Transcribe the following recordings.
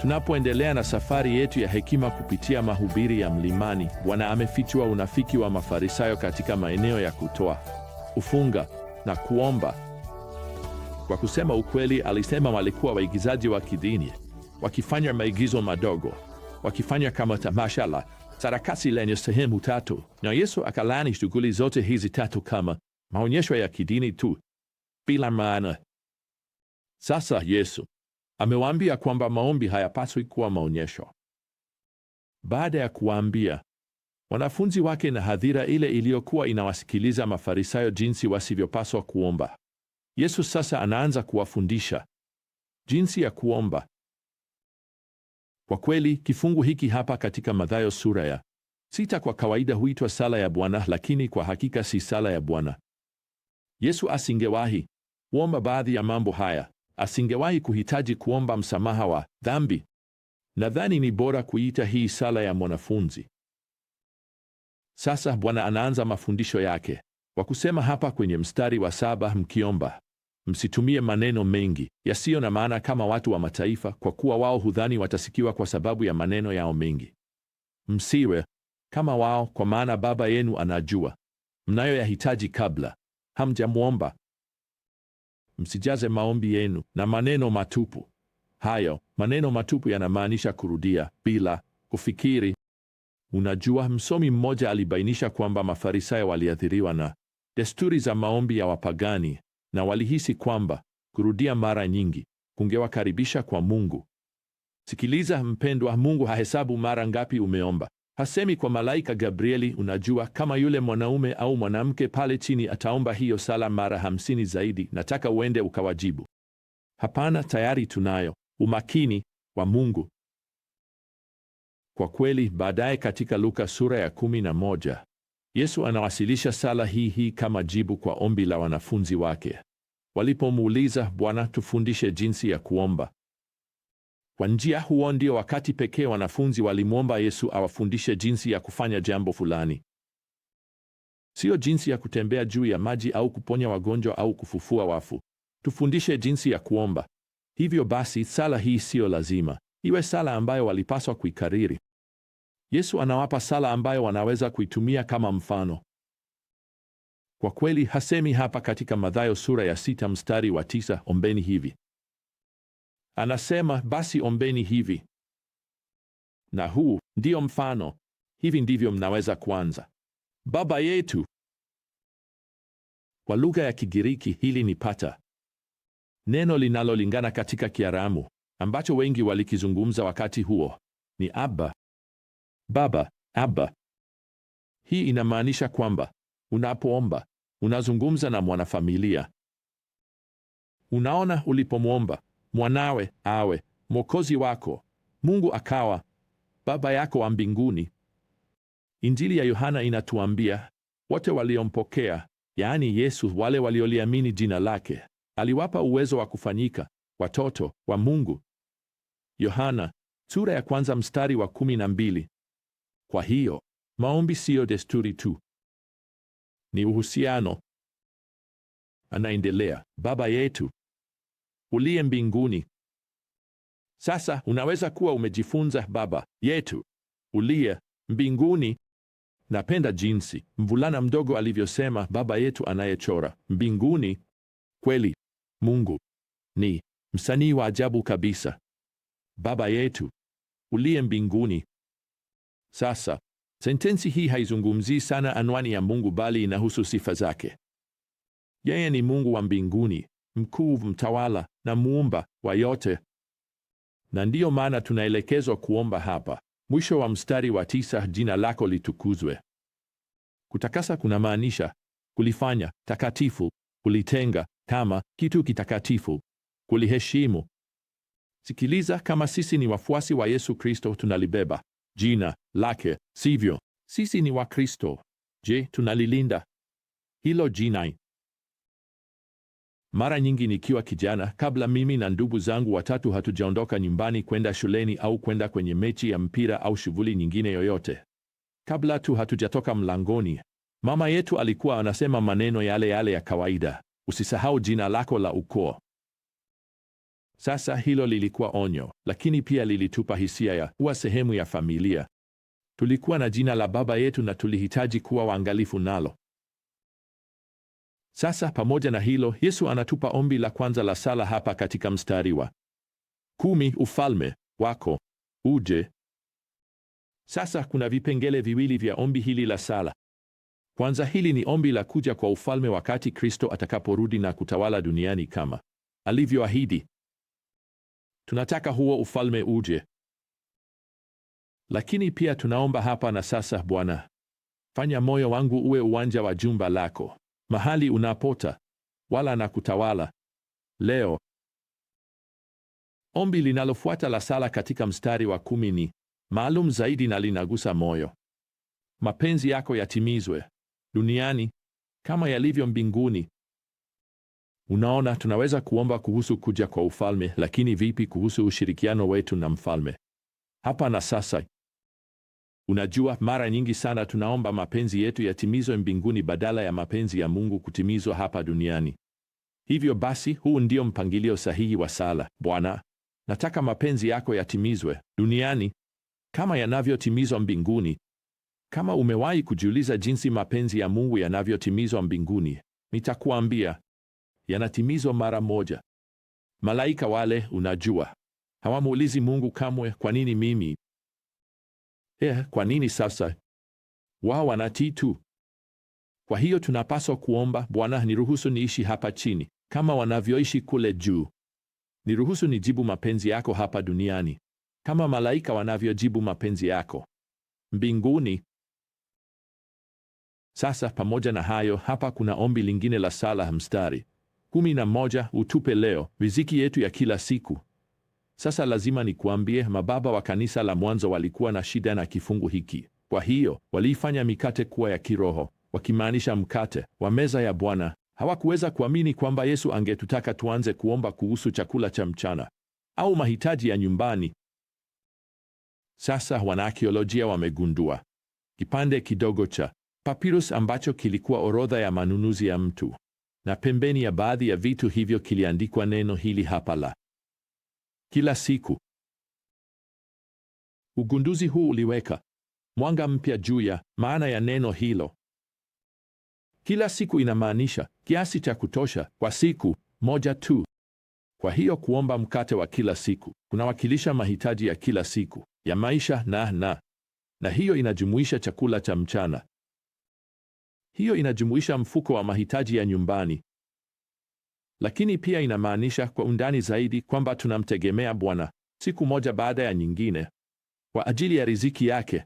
Tunapoendelea na safari yetu ya hekima kupitia mahubiri ya mlimani, Bwana amefichua unafiki wa Mafarisayo katika maeneo ya kutoa, kufunga na kuomba. Kwa kusema ukweli, alisema walikuwa waigizaji wa kidini, wakifanya maigizo madogo, wakifanya kama tamasha la sarakasi lenye sehemu tatu, na Yesu akalani shughuli zote hizi tatu kama maonyesho ya kidini tu bila maana. Sasa Yesu Amewaambia kwamba maombi hayapaswi kuwa maonyesho. Baada ya kuwaambia wanafunzi wake na hadhira ile iliyokuwa inawasikiliza Mafarisayo jinsi wasivyopaswa kuomba, Yesu sasa anaanza kuwafundisha jinsi ya kuomba. Kwa kweli kifungu hiki hapa katika Mathayo sura ya sita kwa kawaida huitwa sala ya Bwana, lakini kwa hakika si sala ya Bwana. Yesu asingewahi kuomba baadhi ya mambo haya asingewahi kuhitaji kuomba msamaha wa dhambi. Nadhani ni bora kuita hii sala ya mwanafunzi. Sasa Bwana anaanza mafundisho yake kwa kusema hapa kwenye mstari wa saba, mkiomba msitumie maneno mengi yasiyo na maana kama watu wa mataifa, kwa kuwa wao hudhani watasikiwa kwa sababu ya maneno yao mengi. Msiwe kama wao, kwa maana Baba yenu anajua mnayoyahitaji kabla hamjamwomba msijaze maombi yenu na maneno matupu hayo. Maneno matupu yanamaanisha kurudia bila kufikiri. Unajua, msomi mmoja alibainisha kwamba Mafarisayo waliathiriwa na desturi za maombi ya wapagani na walihisi kwamba kurudia mara nyingi kungewakaribisha kwa Mungu. Sikiliza mpendwa, Mungu hahesabu mara ngapi umeomba Hasemi kwa malaika Gabrieli, unajua kama yule mwanaume au mwanamke pale chini ataomba hiyo sala mara hamsini zaidi, nataka uende ukawajibu. Hapana, tayari tunayo umakini wa Mungu. Kwa kweli, baadaye katika Luka sura ya kumi na moja Yesu anawasilisha sala hii hii kama jibu kwa ombi la wanafunzi wake walipomuuliza, Bwana, tufundishe jinsi ya kuomba. Kwa njia huo ndio wakati pekee wanafunzi walimwomba Yesu awafundishe jinsi ya kufanya jambo fulani, sio jinsi ya kutembea juu ya maji au kuponya wagonjwa au kufufua wafu. Tufundishe jinsi ya kuomba. Hivyo basi, sala hii siyo lazima iwe sala ambayo walipaswa kuikariri. Yesu anawapa sala ambayo wanaweza kuitumia kama mfano. Kwa kweli hasemi hapa katika Mathayo sura ya sita mstari wa tisa, ombeni hivi Anasema, basi ombeni hivi. Na huu ndio mfano, hivi ndivyo mnaweza kuanza: Baba yetu. Kwa lugha ya Kigiriki hili ni pata neno linalolingana katika Kiaramu ambacho wengi walikizungumza wakati huo ni abba, baba, abba. Hii inamaanisha kwamba unapoomba unazungumza na mwanafamilia. Unaona, ulipomwomba mwanawe awe mwokozi wako, Mungu akawa baba yako wa mbinguni. Injili ya Yohana inatuambia wote waliompokea, yaani Yesu, wale walioliamini jina lake, aliwapa uwezo wa kufanyika watoto wa Mungu. Yohana sura ya kwanza mstari wa kumi na mbili. Kwa hiyo maombi siyo desturi tu, ni uhusiano. Anaendelea, Baba yetu uliye mbinguni. Sasa unaweza kuwa umejifunza Baba yetu uliye mbinguni. Napenda jinsi mvulana mdogo alivyosema Baba yetu anayechora mbinguni. Kweli Mungu ni msanii wa ajabu kabisa. Baba yetu uliye mbinguni. Sasa sentensi hii haizungumzii sana anwani ya Mungu, bali inahusu sifa zake. Yeye ni Mungu wa mbinguni mkuu, mtawala na muumba wa yote, na ndiyo maana tunaelekezwa kuomba hapa. Mwisho wa mstari wa tisa, jina lako litukuzwe. Kutakasa kunamaanisha kulifanya takatifu, kulitenga kama kitu kitakatifu, kuliheshimu. Sikiliza, kama sisi ni wafuasi wa Yesu Kristo tunalibeba jina lake, sivyo? Sisi ni Wakristo. Je, tunalilinda hilo jina? Mara nyingi nikiwa kijana, kabla mimi na ndugu zangu watatu hatujaondoka nyumbani kwenda shuleni au kwenda kwenye mechi ya mpira au shughuli nyingine yoyote, kabla tu hatujatoka mlangoni, mama yetu alikuwa anasema maneno yale yale ya kawaida, usisahau jina lako la ukoo. Sasa hilo lilikuwa onyo, lakini pia lilitupa hisia ya kuwa sehemu ya familia. Tulikuwa na jina la baba yetu na tulihitaji kuwa waangalifu nalo. Sasa pamoja na hilo, Yesu anatupa ombi la kwanza la sala hapa katika mstari wa kumi, ufalme wako uje. Sasa kuna vipengele viwili vya ombi hili la sala. Kwanza, hili ni ombi la kuja kwa ufalme wakati Kristo atakaporudi na kutawala duniani kama alivyoahidi. Tunataka huo ufalme uje, lakini pia tunaomba hapa na sasa, Bwana, fanya moyo wangu uwe uwanja wa jumba lako mahali unapota wala na kutawala. Leo ombi linalofuata la sala katika mstari wa kumi ni maalum zaidi na linagusa moyo. Mapenzi yako yatimizwe duniani kama yalivyo mbinguni. Unaona, tunaweza kuomba kuhusu kuja kwa ufalme, lakini vipi kuhusu ushirikiano wetu na mfalme hapa na sasa? Unajua, mara nyingi sana tunaomba mapenzi yetu yatimizwe mbinguni badala ya mapenzi ya Mungu kutimizwa hapa duniani. Hivyo basi, huu ndio mpangilio sahihi wa sala: Bwana, nataka mapenzi yako yatimizwe duniani kama yanavyotimizwa mbinguni. Kama umewahi kujiuliza jinsi mapenzi ya Mungu yanavyotimizwa mbinguni, nitakuambia yanatimizwa mara moja. Malaika wale, unajua, hawamuulizi Mungu kamwe, kwa nini mimi? Eh, kwa nini sasa wao wanatii tu? Kwa hiyo tunapaswa kuomba, Bwana, niruhusu niishi hapa chini kama wanavyoishi kule juu. Niruhusu nijibu mapenzi yako hapa duniani kama malaika wanavyojibu mapenzi yako mbinguni. Sasa pamoja na hayo, hapa kuna ombi lingine la sala, mstari kumi na moja: utupe leo riziki yetu ya kila siku sasa lazima nikuambie, mababa wa kanisa la mwanzo walikuwa na shida na kifungu hiki. Kwa hiyo waliifanya mikate kuwa ya kiroho, wakimaanisha mkate wa meza ya Bwana. Hawakuweza kuamini kwamba Yesu angetutaka tuanze kuomba kuhusu chakula cha mchana au mahitaji ya nyumbani. Sasa wanaakiolojia wamegundua kipande kidogo cha papirus ambacho kilikuwa orodha ya manunuzi ya mtu, na pembeni ya baadhi ya vitu hivyo kiliandikwa neno hili hapa la kila siku. Ugunduzi huu uliweka mwanga mpya juu ya maana ya neno hilo. Kila siku inamaanisha kiasi cha kutosha kwa siku moja tu. Kwa hiyo kuomba mkate wa kila siku kunawakilisha mahitaji ya kila siku ya maisha na na na hiyo inajumuisha chakula cha mchana. Hiyo inajumuisha mfuko wa mahitaji ya nyumbani lakini pia inamaanisha kwa undani zaidi kwamba tunamtegemea Bwana siku moja baada ya nyingine kwa ajili ya riziki yake.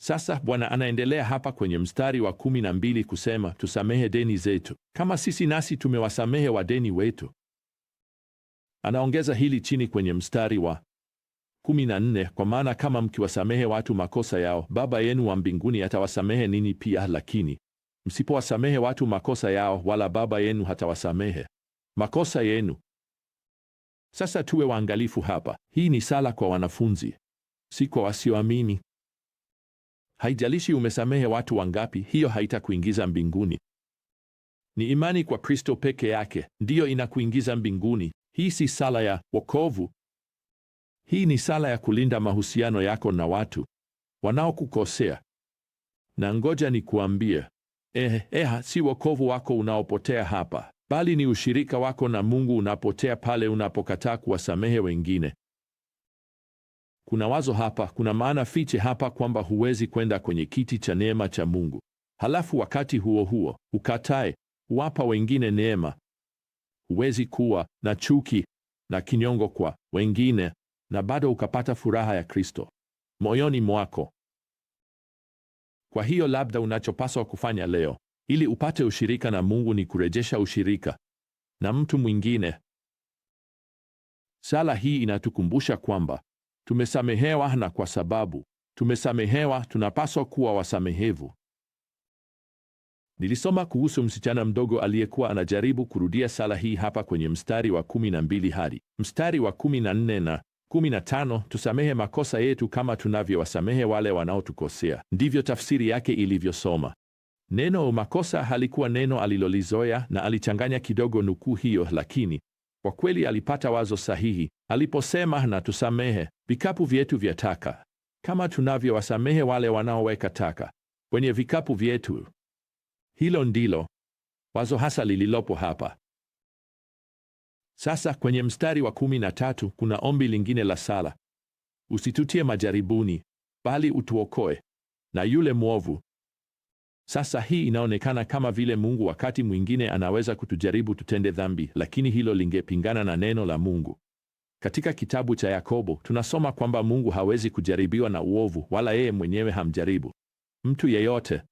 Sasa Bwana anaendelea hapa kwenye mstari wa kumi na mbili kusema, tusamehe deni zetu kama sisi nasi tumewasamehe wadeni wetu. Anaongeza hili chini kwenye mstari wa kumi na nne kwa maana kama mkiwasamehe watu makosa yao, Baba yenu wa mbinguni atawasamehe ninyi pia, lakini Msipowasamehe watu makosa yao, wala Baba yenu hatawasamehe makosa yenu. Sasa tuwe waangalifu hapa. Hii ni sala kwa wanafunzi, si kwa wasioamini. Haijalishi umesamehe watu wangapi, hiyo haitakuingiza mbinguni. Ni imani kwa Kristo peke yake ndiyo inakuingiza mbinguni. Hii si sala ya wokovu. Hii ni sala ya kulinda mahusiano yako na watu wanaokukosea. Na ngoja nikuambie, Eh, eh, si wokovu wako unaopotea hapa, bali ni ushirika wako na Mungu unapotea pale unapokataa kuwasamehe wengine. Kuna wazo hapa, kuna maana fiche hapa kwamba huwezi kwenda kwenye kiti cha neema cha Mungu halafu wakati huo huo ukatae wapa wengine neema. Huwezi kuwa na chuki na kinyongo kwa wengine na bado ukapata furaha ya Kristo moyoni mwako. Kwa hiyo labda unachopaswa kufanya leo ili upate ushirika na Mungu ni kurejesha ushirika na mtu mwingine. Sala hii inatukumbusha kwamba tumesamehewa, na kwa sababu tumesamehewa, tunapaswa kuwa wasamehevu. Nilisoma kuhusu msichana mdogo aliyekuwa anajaribu kurudia sala hii hapa kwenye mstari wa 12 hadi mstari wa 14, na 15, tusamehe makosa yetu kama tunavyowasamehe wale wanaotukosea. Ndivyo tafsiri yake ilivyosoma. Neno makosa halikuwa neno alilolizoea na alichanganya kidogo nukuu hiyo, lakini kwa kweli alipata wazo sahihi aliposema, na tusamehe vikapu vyetu vya taka kama tunavyowasamehe wale wanaoweka taka kwenye vikapu vyetu. Hilo ndilo wazo hasa lililopo hapa. Sasa kwenye mstari wa kumi na tatu kuna ombi lingine la sala, usitutie majaribuni, bali utuokoe na yule mwovu. Sasa hii inaonekana kama vile Mungu wakati mwingine anaweza kutujaribu tutende dhambi, lakini hilo lingepingana na neno la Mungu. Katika kitabu cha Yakobo tunasoma kwamba Mungu hawezi kujaribiwa na uovu, wala yeye mwenyewe hamjaribu mtu yeyote.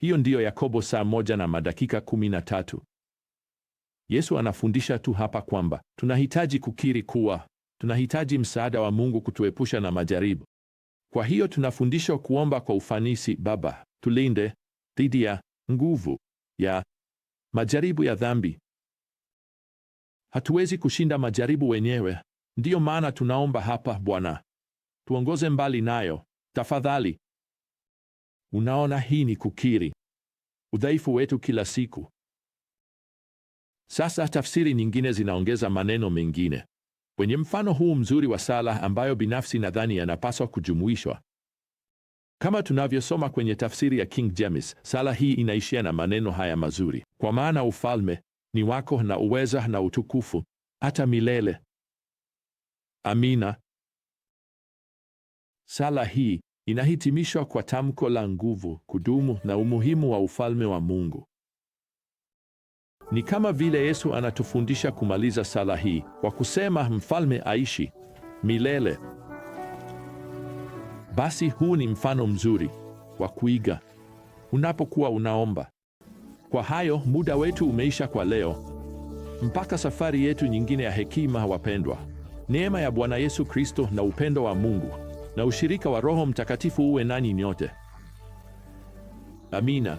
Hiyo ndiyo Yakobo saa moja na madakika kumi na tatu. Yesu anafundisha tu hapa kwamba tunahitaji kukiri kuwa tunahitaji msaada wa Mungu kutuepusha na majaribu. Kwa hiyo tunafundishwa kuomba kwa ufanisi: Baba, tulinde dhidi ya nguvu ya majaribu ya dhambi. Hatuwezi kushinda majaribu wenyewe, ndiyo maana tunaomba hapa, Bwana, tuongoze mbali nayo tafadhali. Unaona, hii ni kukiri udhaifu wetu kila siku. Sasa tafsiri nyingine zinaongeza maneno mengine kwenye mfano huu mzuri wa sala, ambayo binafsi nadhani yanapaswa kujumuishwa. Kama tunavyosoma kwenye tafsiri ya King James, sala hii inaishia na maneno haya mazuri: kwa maana ufalme ni wako na uweza na utukufu hata milele. Amina. Sala hii inahitimishwa kwa tamko la nguvu, kudumu na umuhimu wa ufalme wa Mungu. Ni kama vile Yesu anatufundisha kumaliza sala hii kwa kusema mfalme aishi milele. Basi huu ni mfano mzuri wa kuiga unapokuwa unaomba. Kwa hayo, muda wetu umeisha kwa leo. Mpaka safari yetu nyingine ya hekima, wapendwa. Neema ya Bwana Yesu Kristo na upendo wa Mungu na ushirika wa Roho Mtakatifu uwe nanyi nyote. Amina.